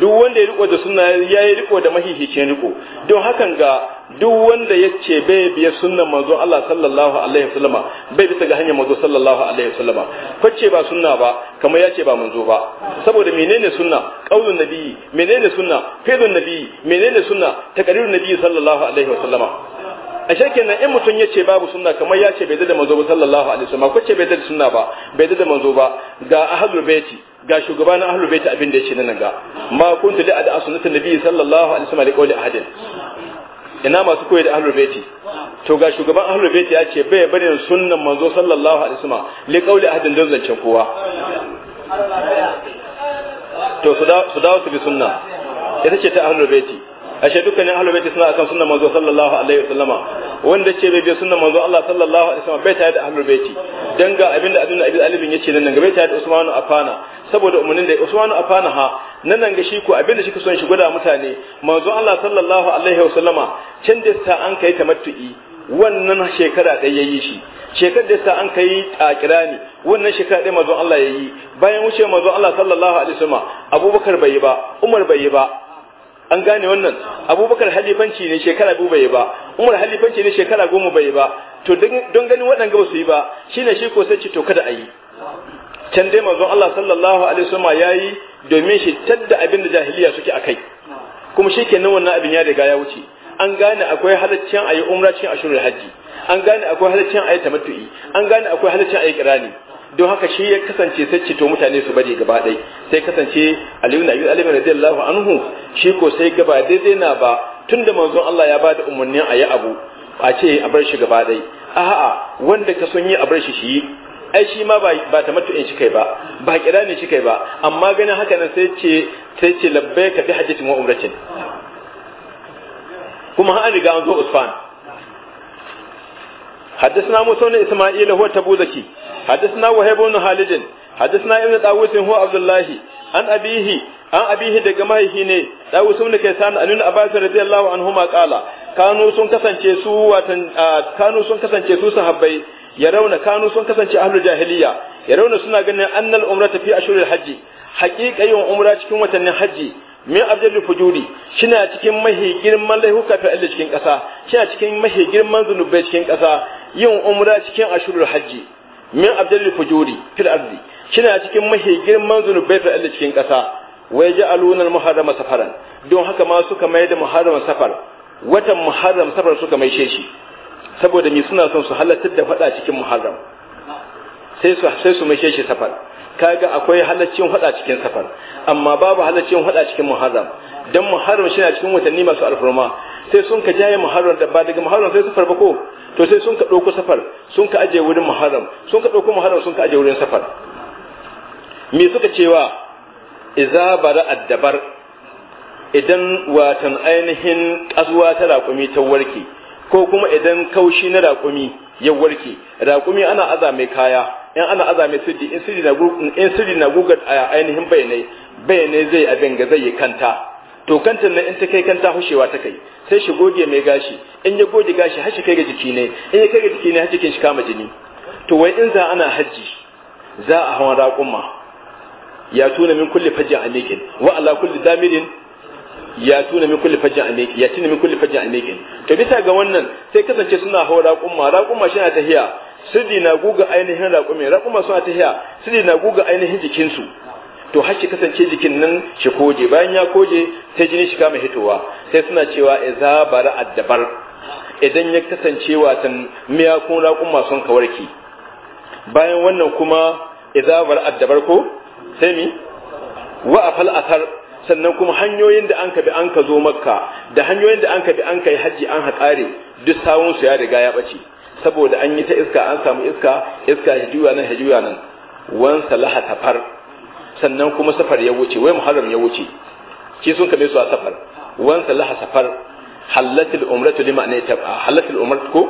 Speaker 1: duk wanda ya riko da sunna ya yi riko da mahihice riko don hakan ga duk wanda ya ce bai biya sunnan manzo Allah sallallahu alaihi wasallam bai bisa ga hanyar manzo sallallahu alaihi wasallam kwace ba sunna ba kamar ya ce ba manzo ba saboda menene sunna qaulun nabiyyi menene sunna fi'lun nabiyyi menene sunna takarirun nabiyyi sallallahu alaihi wasallam ashe kenan in mutum yace babu sunna kamar ya ce bai da manzo ba sallallahu alaihi wasallam ko ce bai da sunna ba bai da manzo ba ga ahlul baiti ga shugaban ahlul baiti abin da yace nan ga ma kuntu da ada sunnatin nabi sallallahu alaihi wasallam da ahadin ina masu koyi da ahlul baiti to ga shugaban ahlul baiti ya ce bai bari sunnan manzo sallallahu alaihi wasallam li ahadin don zancen kowa to su dawo su bi sunna ita ce ta ahlul baiti ashe dukkanin ahlul baiti suna akan sunnan manzo sallallahu alaihi wasallama wanda ce bai bi sunnan manzo Allah sallallahu alaihi wasallama bai tare da ahlul baiti dan ga abinda abin abi alibin yace nan ga bai tare da Usmanu Afana saboda umunin da Usmanu Afana ha nan nan ga shi ko abinda shi ka son shi gwada mutane manzo Allah sallallahu alaihi wasallama can da sa an kai tamattu'i wannan shekara ɗaya yayi shi shekar da sa an kai a kirani wannan shekara ɗaya manzo Allah yayi bayan wuce manzo Allah sallallahu alaihi wasallama Abubakar bai yi ba Umar bai yi ba an gane wannan abubakar halifanci ne shekara biyu bai ba umar halifanci ne shekara goma bai ba to don ganin waɗanga ba su yi ba shine shi ko sai ci to kada a yi can dai manzon Allah sallallahu alaihi wasallam yi domin shi tadda abin da jahiliya suke akai kuma shikenan wannan abin ya riga ya wuce an gane akwai halaccin ayi umra cikin ashurul hajji an gane akwai halaccin ayi tamattu'i an gane akwai halaccin ayi kirani don haka shi ya kasance sai to mutane su bari gaba ɗai sai kasance aliyu na yi alimin radiyallahu anhu shi ko sai gaba daidai na ba tun da manzon Allah ya bada umarnin a yi abu a ce a bar shi gaba ɗai a'a wanda ka son yi a bar shi shi ai shi ma ba ta matu'in shi kai ba ba kira ne shi kai ba amma ganin haka nan sai ce sai ce labbai ka bi hajjatin wa umratin kuma an riga an zo usfan حدثنا موسى بن اسماعيل هو تبوذكي حدثنا وهيب بن خالد حدثنا ابن داوود هو عبد الله عن أبيه عن أبيه دجمعه ني داوود بن كيسان عن ابن عباس رضي الله عنهما قال كانوا سن كسانce su watan Kanu sun kasance su sahabbai ya rauna kanu sun kasance ahlul jahiliya Yarauna suna ganin annal umrata fi ashuril hajji haƙiƙa yin umra cikin watannin hajji min abdul fujuri shina cikin mahi girman laihuka fi Allah cikin ƙasa shina cikin mahi girman zunubai cikin ƙasa yin umra cikin ashurul hajji min abdul fujuri fil ardi kina cikin mahi girman zunubai fil ardi cikin kasa wai ja'aluna al muharrama safaran don haka ma suka mai da muharram safar watan muharram safar suka mai sheshi. saboda ni suna son su halatta da fada cikin muharram sai su sai su mai sheshi safar kaga akwai halaccin fada cikin safar amma babu halaccin fada cikin muharram dan muharram shi cikin watanni masu alfurma sai sun ka jaye muharram da ba daga muharram sai safar ba ko to sai sun ka ɗauko safar sun ka aje wurin muharram sun ka ɗauko muharram sun ka aje wurin safar me suka cewa iza bara addabar idan watan ainihin kasuwa ta raƙumi ta warke ko kuma idan kaushi na raƙumi ya warke raƙumi ana aza mai kaya in ana aza mai sirri in sirri na gugar a ainihin bayanai bayanai zai abin ga zai yi kanta to kanta ne in ta kai kanta hushewa ta kai sai shi goge mai gashi in ya goge gashi har shi kai ga jiki ne in ya kai ga jiki ne har cikin shi kama jini to wai in za ana hajji za a hawan raƙumma ya tuna min kulli fajjin amikin wa ala kulli damirin ya tuna min kulli fajjin amikin ya tuna min kulli fajjin amikin to bisa ga wannan sai kasance suna hawan raƙumma raƙumma shi na tahiya sirri na guga ainihin raƙumma, raƙumma suna tahiya sirri na guga ainihin jikinsu to har shi kasance jikin nan shi koje bayan ya koje sai jini shi kama hitowa sai suna cewa iza bara addabar idan ya kasance watan miyakun raƙun sun kawarki bayan wannan kuma iza bara addabar ko sai mi wa afal asar sannan kuma hanyoyin da an bi an ka zo makka da hanyoyin da an bi an yi hajji an haƙare duk sawun su ya riga ya ɓace saboda an yi ta iska an samu iska iska hijuwa nan hijuwa nan wan salaha tafar sannan kuma safar ya wuce wai muharram ya wuce ki sun kame su a safar wan salaha safar halatul umratu lima ne ta halatul umrat ko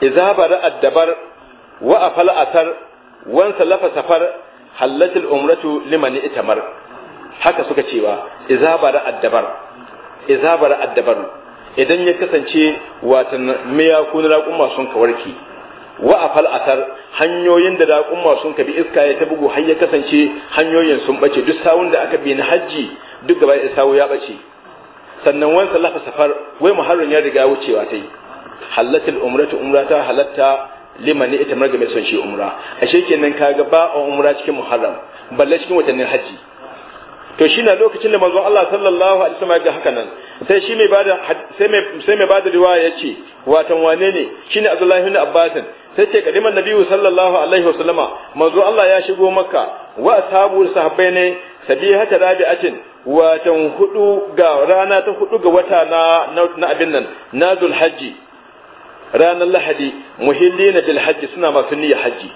Speaker 1: idza bara addabar wa afal athar wan salafa safar halatul umratu liman itamar haka suka cewa idza bara addabar idza bara addabar idan ya kasance watan miyaku na raƙuma sun kawarki wa a fal'atar hanyoyin da raƙumma sun bi iska ya ta bugu har ya kasance hanyoyin sun bace duk sawun da aka bi na hajji duk gaba da sawu ya bace sannan wani sallafa safar wai muharrin ya riga wucewa ta yi halatul umratu umrata halatta liman ita marga mai son shi umra ashe kenan kaga ba a umra cikin muharram balle cikin watannin hajji to shi na lokacin da manzon Allah sallallahu alaihi wasallam ga haka nan sai shi mai bada sai mai sai mai bada riwaya yace watan wane ne shine Abdullahi ibn Abbas sai ce kadiman Nabi sallallahu alaihi wasallama manzo Allah ya shigo makka wa sabu sahabbai ne sabihata rabi'atin watan hudu ga rana ta hudu ga wata na na abin nan nazul haji ranar lahadi muhillina bil haji suna masu niyyar hajji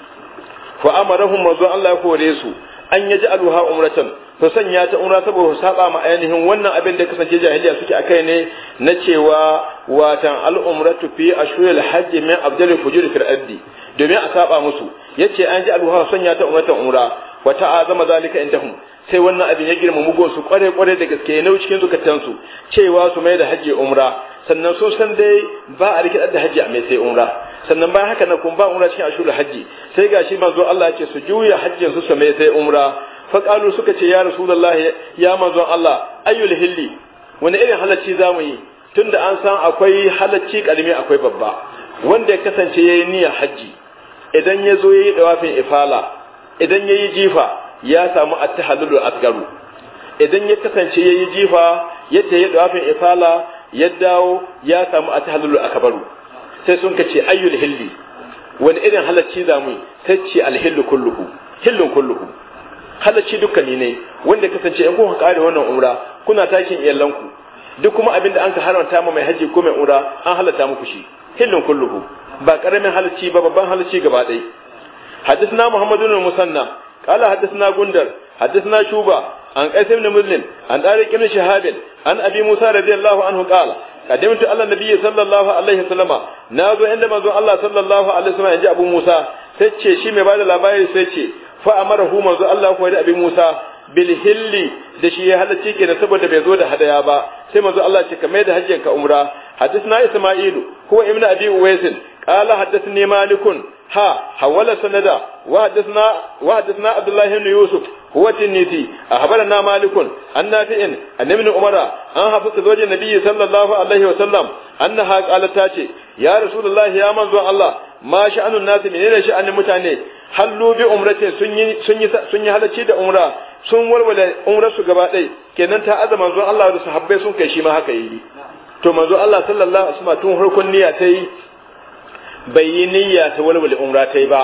Speaker 1: fa amarahum manzo Allah ya kore su an yaji alha umratan su sanya ta umra saboda saba ma ainihin wannan abin da kasance jahiliya suke akai ne na cewa watan al'umratu fi ashhuril hajj min afdalil fujur fil addi domin a saba musu yace an ji alwa sanya ta ta umra wa azama zalika indahum sai wannan abin ya girma mugun su kware kware da gaske ne cikin zukatan su cewa su mai da hajji umra sannan sun san dai ba a rikidar da hajji a mai sai umra sannan bayan haka na kun ba umra cikin ashhuril hajji sai gashi manzo Allah ya ce su juya hajjin su su mai sai umra faƙalu suka ce ya rasulullahi ya manzon Allah ayyul hilli wani irin halacci za yi tunda an san akwai halacci karmi akwai babba wanda ya kasance yayi yi niyyar hajji idan ya zo ya yi ifala idan ya jifa ya samu at-tahallul asgaru idan ya kasance yayi yi jifa yadda ya dawafin ifala ya dawo ya samu at-tahallul akbaru sai sun kace ayyul hilli wani irin halacci za yi sai al alhillu kulluhu hillun kulluhu halacci duka ne ne wanda kasance sance in kuka kare wannan umra kuna takin iyalanku duk kuma abin da an ka haramta ma mai hajji ko mai umra an halalta muku shi hillin kulluhu ba karamin halacci ba babban halacci gaba dai hadisna muhammadun musanna qala hadisna gundar hadisna shuba an qasim ibn muslim an dare kin shahabil an abi musa radiyallahu anhu qala kadimtu allahu nabiyyi sallallahu alaihi wasallama inda mazo allahu sallallahu alaihi wasallama yaji abu musa sai shi mai bada labari sai ce fa amarahu manzo Allah ko da abin Musa bil hilli da shi ya ke da saboda bai zo da hadaya ba sai manzo Allah ce ka mai da hajjin ka umra hadisna isma'ilu ko ibn abi uwais qala hadathni malikun ha hawala sanada wa hadathna wa hadathna abdullah ibn yusuf huwa tinisi ahbarana malikun an nafi'in an ibn umara an hafiz zawjin nabiy sallallahu alaihi wasallam annaha qalat ta ce ya rasulullah ya manzo Allah ma sha'anun ne menene sha'anin mutane hallu bi umratin sun yi sun yi sun yi halacci da umra sun walwala umrar su gaba dai kenan ta azama manzon Allah da sahabbai sun kai shi ma haka yi to manzo Allah sallallahu alaihi wasallam tun harkon niyya ta yi bai yi niyya ta walwala umra ta yi ba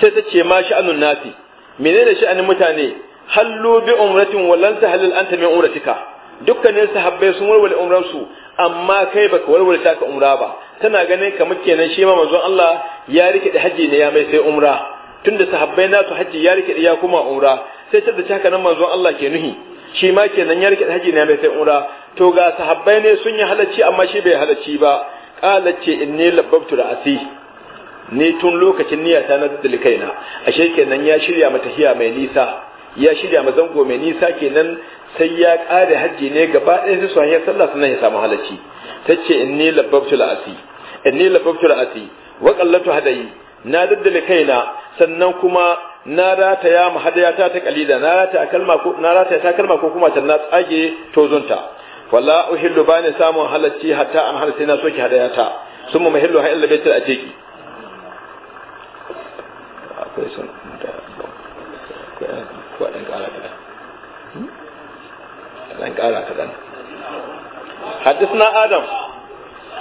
Speaker 1: sai ta ce ma sha'anun nasi menene sha'anin mutane hallu bi umratin wallan ta halal anta min umratika dukkanin sahabbai sun walwala umran su amma kai baka warware taka ka umra ba tana ganin kamar kenan shi ma manzon Allah ya rikide haji ne ya mai sai umra tunda sahabbai nasu haji ya rikide ya kuma umra sai ta da haka nan manzon Allah ke nuhi shi ma kenan ya rikide haji ne ya mai sai umra to ga sahabbai ne sun yi halacci amma shi bai halacci ba qalat ce inni labbabtu ra'asi ne tun lokacin niyyata na dalil kaina ashe kenan ya shirya mata hiya mai nisa ya shirya ma zango mai nisa kenan sai ya ƙare hajji ne gaba ɗaya sai su sallah sannan ya samu halacci ta ce in ni labbabtu la'asi in ni labbabtu la'asi wa qallatu hadayi na daddale kaina sannan kuma na rataya mu hadayata ta kalila na rataya kalma ko na rata ta kalma ko kuma ta na tsage tozunta wala uhillu bani samun halacci hatta an hal na soki hadayata sun mu mahillu ha illa baitul atiqi akwai sun da ko an kara dan kara kadan حدثنا آدم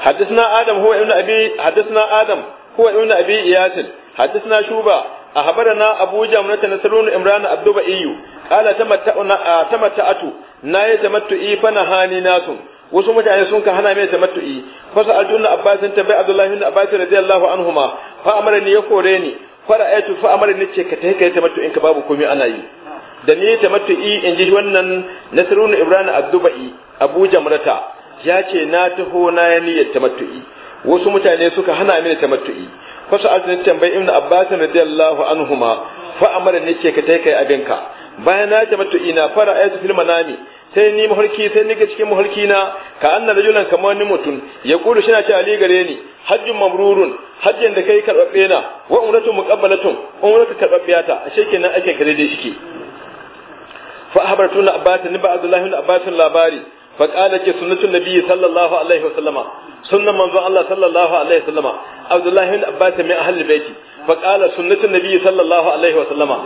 Speaker 1: حدثنا آدم هو ابن أبي حدثنا آدم هو ابن أبي إياس حدثنا شوبة أخبرنا أبو نسرون إمران عبد بئيو قال wasu mutane sun ka hana mai ta bai abdullahi ibn anhuma fa ya kore ni fa ra'aytu fa amara ni ce ka babu ana yi da ni matu'i in ji wannan nasirun ibrahim abdubai abu murata. ya ce na taho na ya niyyar tamattu'i wasu mutane suka hana mini ta fa sa'altu ni tambayi ibnu abbas radiyallahu anhuma fa amara ni ce ka tai kai abinka bayan na matu'i na fara ayatu fil manami sai ni mafarki sai ni ga cikin mafarki na ka anna rajulan kamar wani mutum ya kulu shi na ce ali gare ni hajjin mabrurun hajjin da kai karɓaɓɓe na wa umratu muqabbalatun umratu karɓaɓɓiya ta ashe kenan ake kare da shi ke fa ahbaratu na abbasin ni ba abdullahi na abbasin labari fa qala ke sunnatul nabi sallallahu alaihi wasallama sunnan manzo Allah sallallahu alaihi wasallama abdullahi na abbasin min ahli baiti fa qala sunnatul nabi sallallahu alaihi wasallama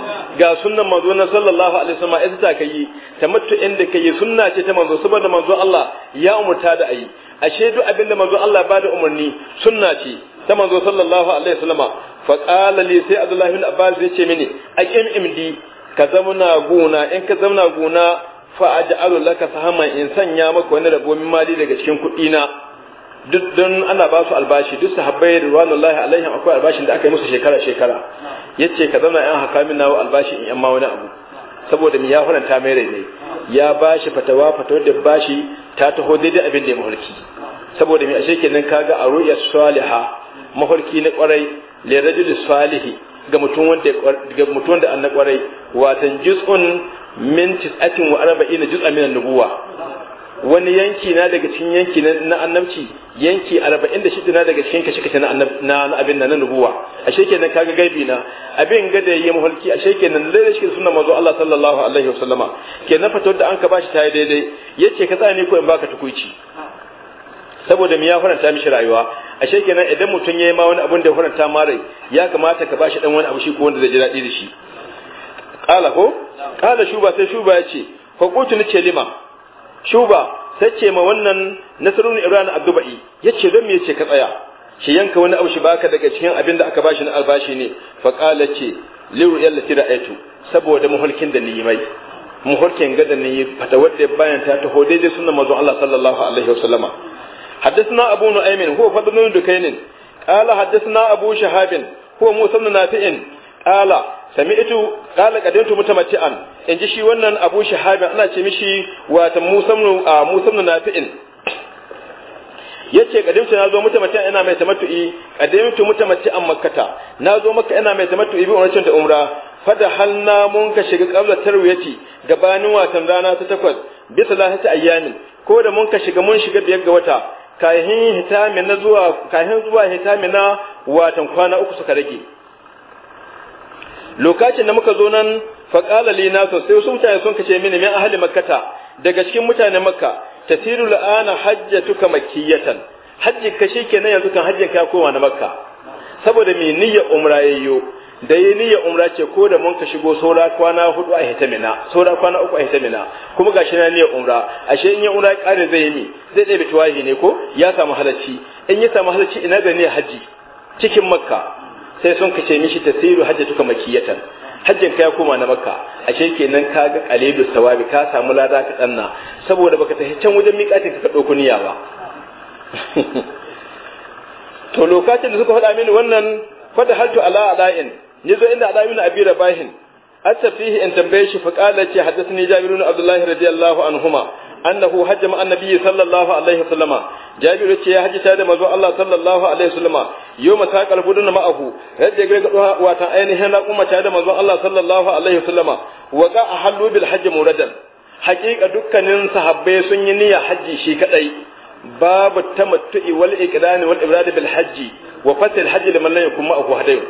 Speaker 1: ga sunnan na sallallahu alaihi wasallama ita ta kai tamattu inda kai sunna ce ta manzo saboda manzo Allah ya umurta da ayi ashe duk abinda manzo Allah ba da umarni sunna ce ta manzo sallallahu alaihi wasallama fa qala li sai abdullahi bin abbas ya ce mini aqim imdi ka zamna guna in ka zamna guna fa aj'alu laka sahaman in sanya maka wani rabomin mali daga cikin kuɗi na duk don ana ba su albashi duk sahabbai ruwanullahi alaihim akwai albashin da aka yi musu shekara shekara yace ka zamna yan hakamin nawo albashi in yan ma wani abu saboda mi ya faranta mai rai ne ya bashi fatawa fatawar da bashi ta taho daidai abin da ya mafarki saboda mi ashe kenan kaga a ru'ya salihah mafarki na kwarai lirajul salihi ga mutum wanda ga mutum wanda an kwarai watan juz'un min tis'atin wa arba'ina juz'an min an-nubuwa wani yanki na daga cikin yanki na annabci yanki 46 na daga cikin kashi kashi na na abin nan na nubuwa ashe kenan kaga gaibi na abin ga da yayi mulki ashe kenan lalle shi sunna manzo Allah sallallahu alaihi wasallama kenan fatar da an ka bashi ta yi daidai yace ka tsani ko in baka tukuici saboda mu ya faranta mishi rayuwa ashe kenan idan mutum ya yi ma wani abun da faranta ma ya kamata ka bashi dan wani abu shi ko wanda zai ji daɗi da shi kala ko kala shuba sai shuba ya ce fa qutu ni ce lima shuba sai ce ma wannan nasrun iran abdubai ce don me ce ka tsaya shi yanka wani abu shi baka daga cikin abin da aka bashi na albashi ne fa kala ce liru tira aitu saboda muhulkin da ni mai muhulkin gadan ni fata wadda bayan ta taho daidai sunan manzon Allah sallallahu alaihi wasallama حدثنا أبو نعيم هو فضل بن دكين قال حدثنا أبو شهاب هو موسى بن نافع قال sami'tu qala qadimtu mutamati'an inji shi wannan Abu Shahab ana ce mishi موسى بن موسى بن نافع yace qadimtu nazo zo mutamati'an ina mai tamattu'i qadimtu an makkata nazo makka ina mai tamattu'i bi umratin da umra fada halna mun ka shiga qabla tarwiyati gabanin watan rana ta takwas bi salahati ayyamin ko da mun ka shiga mun shiga biyar ga wata kahin hitami na zuwa kahin zuwa hitami na watan kwana uku suka rage lokacin da muka zo nan li na sai wasu mutane sun kace mini min ahli makkata daga cikin mutanen makka tasiru la'ana hajjatuka makkiyatan hajjin ka shikenan yanzu kan hajjin ka koma na makka saboda me niyyar umra yayyo da yi niyya umra ce ko da mun ka shigo saura kwana hudu a hitamina saura kwana uku a hitamina kuma gashi na niyya umra ashe in ya umra ƙarin zai yi mi zai bitu tuwahi ne ko ya samu halacci in ya samu halacci ina ga a haji cikin makka sai sun kace mishi tasiru hajji tuka makiyatan hajjin ka ya koma na makka ashe kenan ka ga qalilu sawabi ka samu lada ka danna saboda baka ta can wajen miƙatin ka ɗauko niyya ba to lokacin da suka faɗa mini wannan fada haltu ala ala'in ni zo inda ala ibn abi rabahin asafihi in tambaye shi fa qala ce haddathani jabir ibn abdullah radiyallahu anhuma annahu hajja ma annabi sallallahu alaihi wasallama jabir ce ya hajji da manzo Allah sallallahu alaihi wasallama yoma ta kalbudun ma'ahu radda gare ga wata ainihin na kuma da manzo Allah sallallahu alaihi wasallama wa ga ahallu bil hajj muradan haqiqa dukkanin sahabbai sun yi niyya haji shi kadai babu tamattu'i wal iqrani wal ibrad bil hajji wa fatil hajji liman lam yakun ma'ahu hadayun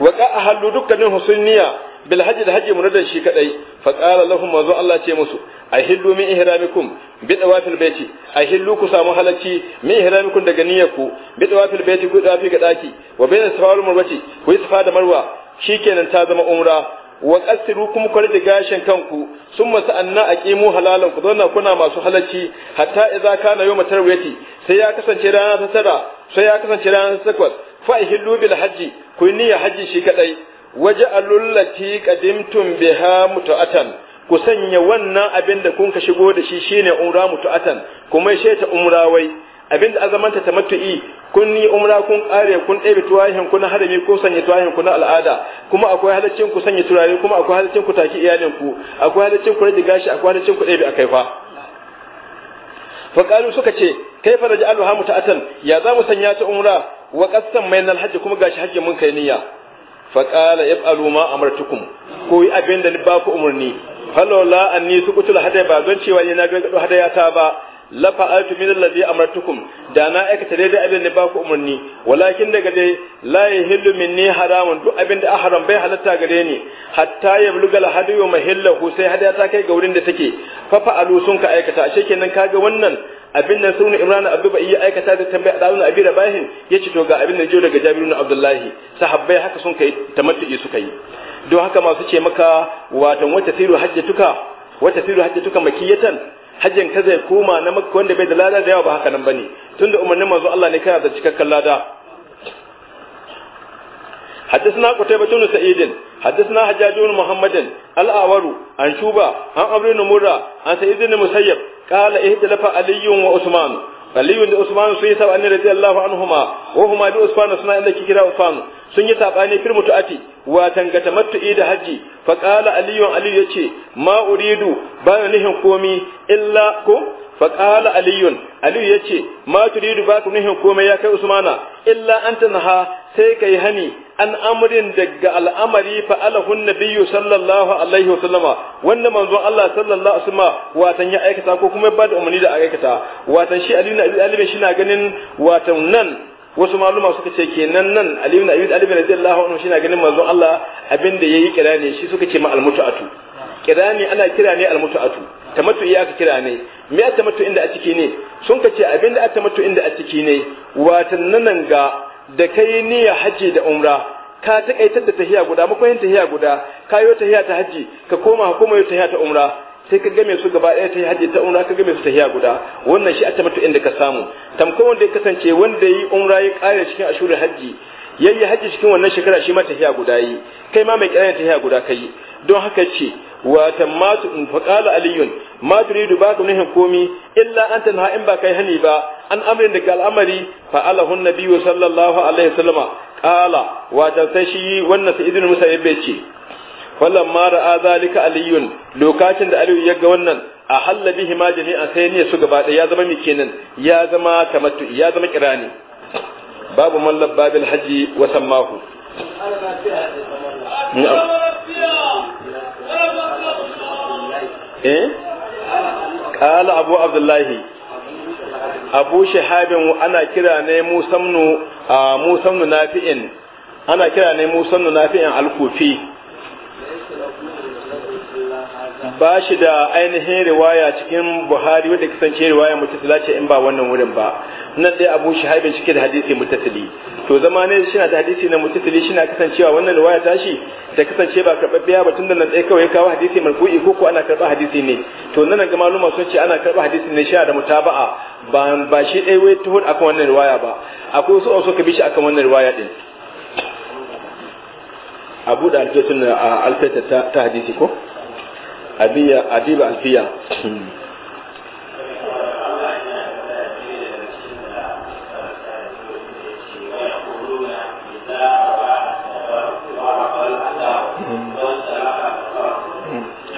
Speaker 1: wa ka duk dukkanin husunniya bil hajji da hajji munadan shi kadai fa qala lahum manzo Allah ce musu hillu min ihramikum bi dawafil baiti hillu ku samu halacci min ihramikum daga niyyarku bi dawafil baiti ku dafi ga daki wa bayna safa marwati ku yi safa da marwa shikenan ta zama umra wa qasiru kum kwari da gashin kanku summa sa'anna aqimu halalan ku zauna kuna masu halacci hatta idza kana yawma tarwiyati sai ya kasance rana ta tara sai ya kasance rana ta takwas fa ihillu bil hajji ku ya hajji shi kadai waje alullati qadimtum biha muta'atan ku sanya wannan abin da kun ka shigo da shi shine umra mutu'atan kuma she ta umra wai abin da azamanta ta matu'i kun yi umra kun kare kun ɗebe tuwahin kun harami ko sanya tuwahin kun na al'ada kuma akwai halaccin ku sanya turare kuma akwai halaccin ku taki iyalin ku akwai halaccin ku rage gashi akwai halaccin ku ɗebe akai fa fakalu suka ce kai alu raj'aluha ta'atan ya za mu sanya ta umra wa qassan mai nal hajji kuma gashi hajji mun kai niyya fa qala yaf'alu ma amartukum ko yi abin da ni ba ku umurni falola anni sukutul ba zan cewa ina ga hada ta ba la fa'altu min alladhi amartukum da na aikata daidai abin da baku umarni walakin daga dai la yahillu minni haramun duk abin da haram bai halatta gare ni hatta yablugal hadiyu mahillahu sai hadiya ta kai ga wurin da take fa fa'alu sun ka aikata ashe kenan kaga wannan abin da sunu imran abdu bai aikata da tambaya da sunu abira bahin yace to ga abin da jiyo daga jabirun abdullahi sahabbai haka sun kai tamattu'i suka yi don haka masu ce maka watan wata siru hajjatuka wata siru hajjatuka makiyatan hajjin ka zai koma na makka wanda bai da lada da yawa ba haka nan bane tunda umarnin manzo Allah ne kana da cikakken lada حدثنا قتيبة بن سعيد حدثنا حجاج بن محمد الأعور عن شوبة عن أمر مرة عن سعيد بن مسيب قال اهتلف علي وعثمان aliyu da usman sun yi sabani radiyallahu anhuma wa huma da usman suna inda ki kira usman sun yi sabani fil mutuati wa tanga tamattu'i da haji fa qala aliyu aliyu yace ma uridu ba nihin komi illa ko faqala aliyun aliyu ya ce ma turidu ba ku nuhin komai ya kai usmana illa an ta tanha sai ka yi hani an amrin daga al'amari fa alahun nabiyyu sallallahu alaihi wasallama wanda manzon Allah sallallahu alaihi wasallama watan ya aikata ko kuma ba da umarni da aikata watan shi aliyu na alibi shi na ganin watan nan wasu maluma suka ce kenan nan aliyu na alibi radiyallahu anhu shi na ganin manzon Allah abinda yayi kira ne shi suka ce ma almutu'atu kirani ana kira ne almutu'atu tamattu iya ka kira ne me ya tamattu inda a ciki ne sun ka ce abinda a tamattu inda a ciki ne watan nan ga da kai niyya haji da umra ka takaitar da tahiya guda makwayin tahiya guda kayo tahiya ta haji ka koma hukuma yo tahiya ta umra sai ka game su gaba ɗaya ta haji ta umra ka game su tahiya guda wannan shi a tamattu inda ka samu tamko wanda ya kasance wanda yi umra ya kare cikin ashurul haji yayi haji cikin wannan shekara shi ma tahiya guda yi kai ma mai kiranin tahiya guda kai don haka ce wata matu in faƙala aliyun ma turidu ba ka nuhin komi illa an tanha in ba kai hani ba an amrin da al'amari fa alahun nabiyyu sallallahu alaihi wasallama qala wata sai shi wannan sai idin musa yabe ce ma ra'a zalika aliyun lokacin da aliyu ya ga wannan a halla bihi ma jami'a sai ne su gaba ya zama mi kenan ya zama tamattu ya zama kirani babu mallab babil haji wa sammahu eh qala abu abdullahi abu shahabin ana kira ne musamnu musamnu nafi'in ana kira ne musamnu nafi'in al-kufi ba shi da ainihin riwaya cikin buhari wadda kasance riwaya mutasila ce in ba wannan wurin ba nan dai abu haibin cike da hadisi mutasili to zama ne shi da hadisi na mutasili shi na kasancewa wannan riwaya ta shi da kasance ba karɓaɓɓiya ba tunda nan ɗaya kawai ya kawo hadisi marfu'i ko ko ana karɓa hadisi ne to nan ga maluma sun ce ana karɓa hadisi ne shi da mutaba'a ba ba shi ɗaya wai tuhur akan wannan riwaya ba akwai wasu wasu ka bi shi akan wannan riwaya din abu da alfetun alfeta ta hadisi ko abiya adiba alfiya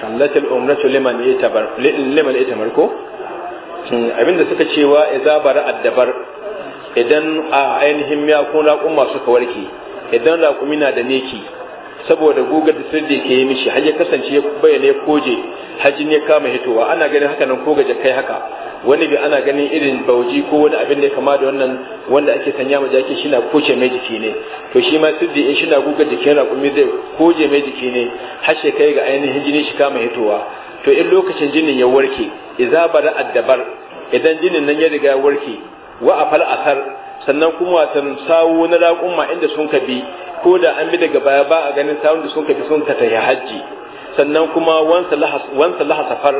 Speaker 1: hallatul umratu liman itabar liman itamar ko hmm, abinda suka cewa idza bara addabar idan a ainihin ya ko raƙuma suka warke idan raƙumi na da neki saboda gugar da sirri ke yi mishi har ya kasance ya bayyana ya koje hajji ya kama hitowa ana ganin haka nan ko gaje kai haka wani bi ana ganin irin bauji ko wani abin da ya kama da wannan wanda ake sanya ma jaki shi na koce mai jiki ne to shi ma sirri in shi na gugar jikin raƙumi zai koje mai jiki ne har shi kai ga ainihin jini shi kama hitowa to in lokacin jinin ya warke idza addabar idan jinin nan ya riga ya warke wa afal asar sannan kuma watan sawo na raƙumma inda sun ka bi ko da an bi daga baya ba a ganin sa da sun kafi sun ka tafi hajji sannan kuma wansa laha safar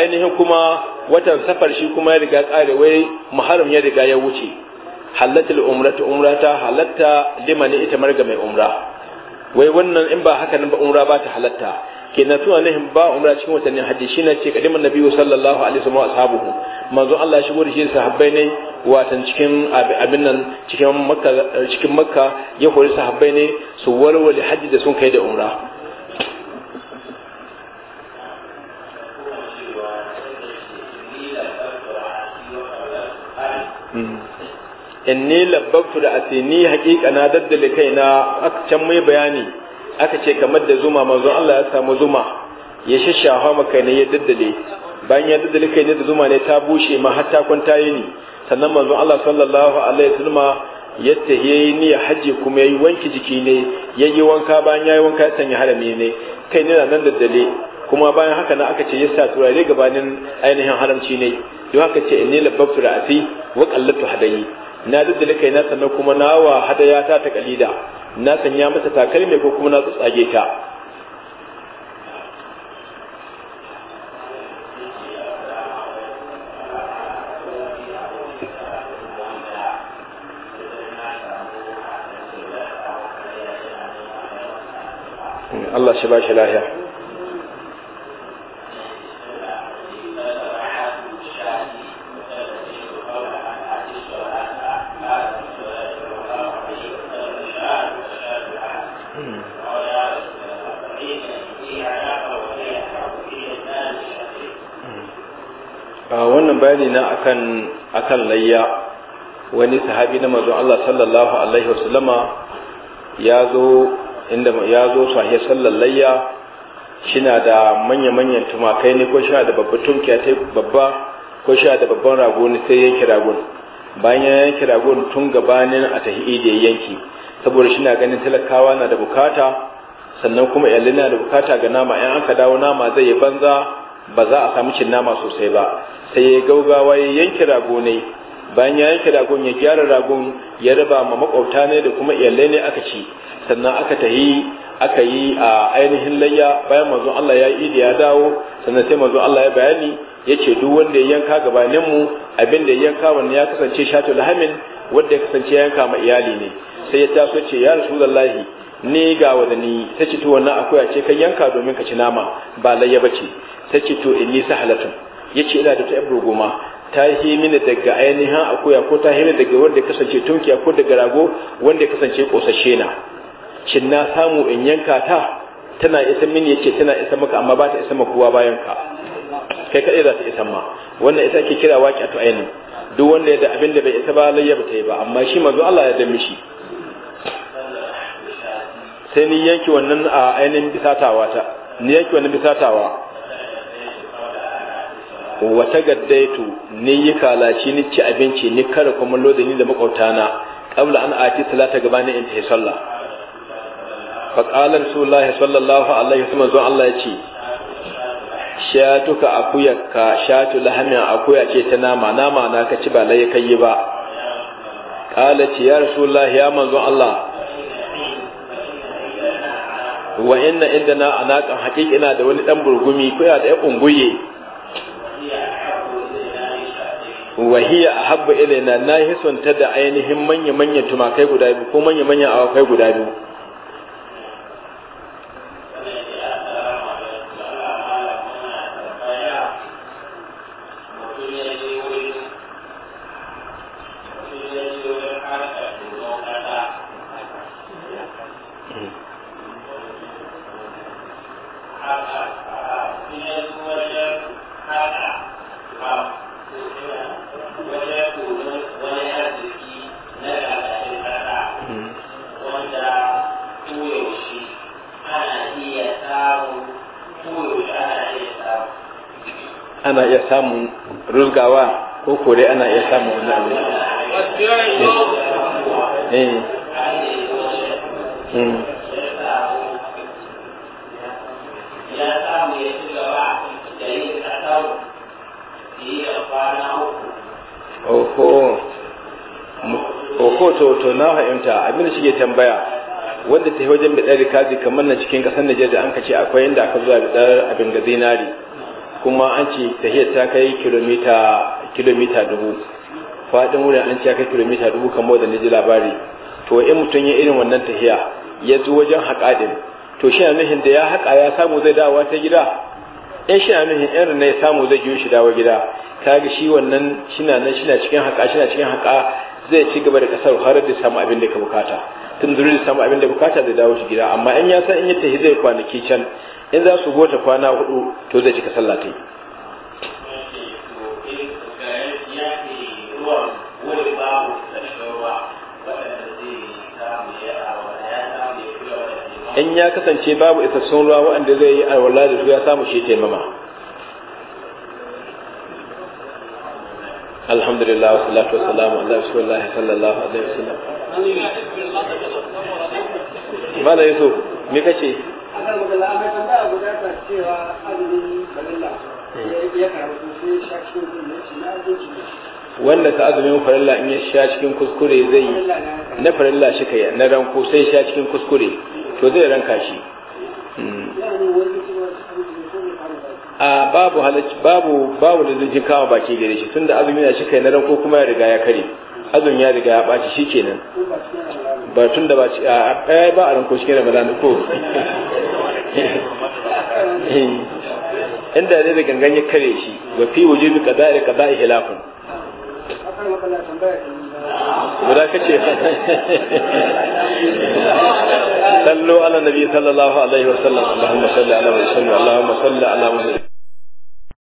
Speaker 1: ainihin kuma watan safar shi kuma ya riga kare wai muharram ya riga ya wuce halatul umrata umrata halatta liman ita marga mai umra wai wannan in ba haka nan ba umra ba ta halatta kenan suna nihin ba umra cikin watannin hajji shi na ce kadimin nabi sallallahu alaihi wasallam ashabuhu manzon Allah ya shigo da shi sahabbai ne watan cikin abin nan cikin makka cikin makka ya hori sahabbai ne su warware haji da sun kai da umra In hmm. inni labbabtu da asini hakika na daddale kaina aka can mai bayani aka ce kamar da zuma manzo Allah ya samu zuma ya shashafa maka ne ya daddale bayan ya daddale ne da zuma ne ta bushe ma har ta kwanta yini sannan manzo Allah sallallahu alaihi wasallam ya tahiye niyyar haji kuma yayi wanki jiki ne yayi wanka bayan yayi wanka ya sanya harami ne kai ne nan da daddare, kuma bayan haka na aka ce ya sa turare gabanin ainihin haramci ne don haka ce inni labbabtu ra'ati wa qallatu hadayi na daddale na sannan kuma nawa hadaya ta ta kalida na sanya mata takalmi ko kuma na tsage ta الله shi ba wannan bayani na akan akan layya wani sahabi na manzon Allah sallallahu alaihi wasallama ya zo inda ya zo sahih sallar layya shina da manya-manyan tumakai ne ko shina da babba a ta babba ko shina da babban rago ne sai yanki ragon bayan ya yanki ragon tun gabanin a tahi da yanki saboda shina ganin talakawa na da bukata sannan kuma 'yalli na da bukata ga nama in aka dawo nama zai yi banza ba za a samu cin nama sosai ba sai ya gaugawa ya yanki rago ne bayan ya yanke ragon ya gyara ragon ya raba ma makwabta ne da kuma iyalai ne aka ci sannan aka tahi aka yi a ainihin layya bayan mazo Allah ya yi ya dawo sannan sai mazo Allah ya bayani ya ce duk wanda ya yanka gabanin mu abin da ya yanka wanda ya kasance shatu lahamin wanda ya kasance yanka ma iyali ne sai ya taso ce ya rasulullahi ni ga wadani ta ce to wannan akuya ce kan yanka domin ka ci nama ba layya bace ta ce to inni sahalatun yace ina da ta goma ta yi mini daga ainihin akuya ko ta yi mini daga wanda ya kasance tunkiya ko daga rago wanda ya kasance kosashe na shin na samu in yanka ta tana isa mini ce, tana isa maka amma ba ta isa maka kowa bayan ka kai kadai za ta isa ma wannan isa ke kira waki to aini. duk wanda ya da abin da bai isa ba layya ba ta yi ba amma shi manzo Allah ya da mishi sai ni yanki wannan a ainihin bisatawa ta ni yanki wannan bisatawa wata gaddaitu ni yi kalaci ni ci abinci ni kuma kumallo da ni da makwabtana qabla an ati salata gabanin in ta sallah fa qala rasulullahi sallallahu alaihi wasallam zo Allah ya ce shatuka akuyaka shatu lahamin akuya ce ta nama nama na ka ci ba lai kai ba qala ci ya rasulullahi ya manzo Allah wa inna indana anaka hakiki ina da wani dan burgumi ko ya da ya kunguye wahiya a habba ilaina na hisanta da ainihin manya-manya tumakai guda biyu ko manya-manya awakai guda biyu iya samun rusgawa ko kore ana iya samun wani abu eh. eh. Oko to to na fahimta abin da shi tambaya wanda ta yi wajen bidar kaji kamar na cikin kasar Nijar da an kace akwai inda aka zuwa bidar abin da zinari kuma an ce tahiyar ta kai kilomita dubu faɗin wurin an ce ya kai kilomita dubu kamar da ji labari to in mutum ya irin wannan tahiya ya zo wajen haƙaɗin to shi nufin da ya haƙa ya samu zai dawa ta gida in shi na nuhin in ya samu zai yi shi dawo gida ta ga shi wannan shina nan shina cikin haƙa shina cikin haƙa zai ci gaba da ƙasar har da samu abin da ka bukata Tun zuri da samu abin da bukata zai dawo shi gida amma in ya san in ya tafi zai kwanaki can in za su gota kwana hudu to zai cika sallah ta yi in ya kasance babu isassun ruwa waɗanda zai yi alwala da su ya samu shi taimama alhamdulillah wasu salatu wa salamu ala sallallahu alaihi wasallam
Speaker 2: mala yaso me kace
Speaker 1: wanda ka azumin farilla in ya sha cikin kuskure zai na farilla shi kai na ranko sai sha cikin kuskure to zai ranka shi a babu halacci babu babu da zai kama baki gare shi tunda azumi ya shi kai na ranko kuma ya riga ya kare azumi ya riga ya ɓaci shikenan ba tun da ba a ɗaya ba a ranko cikin ramadan ko inda zai da gangan ya kare shi wa fi da qada'i qada'i hilafun guda kace sallu ala nabi sallallahu alaihi wasallam allahumma salli ala
Speaker 2: muhammad allahumma salli ala muhammad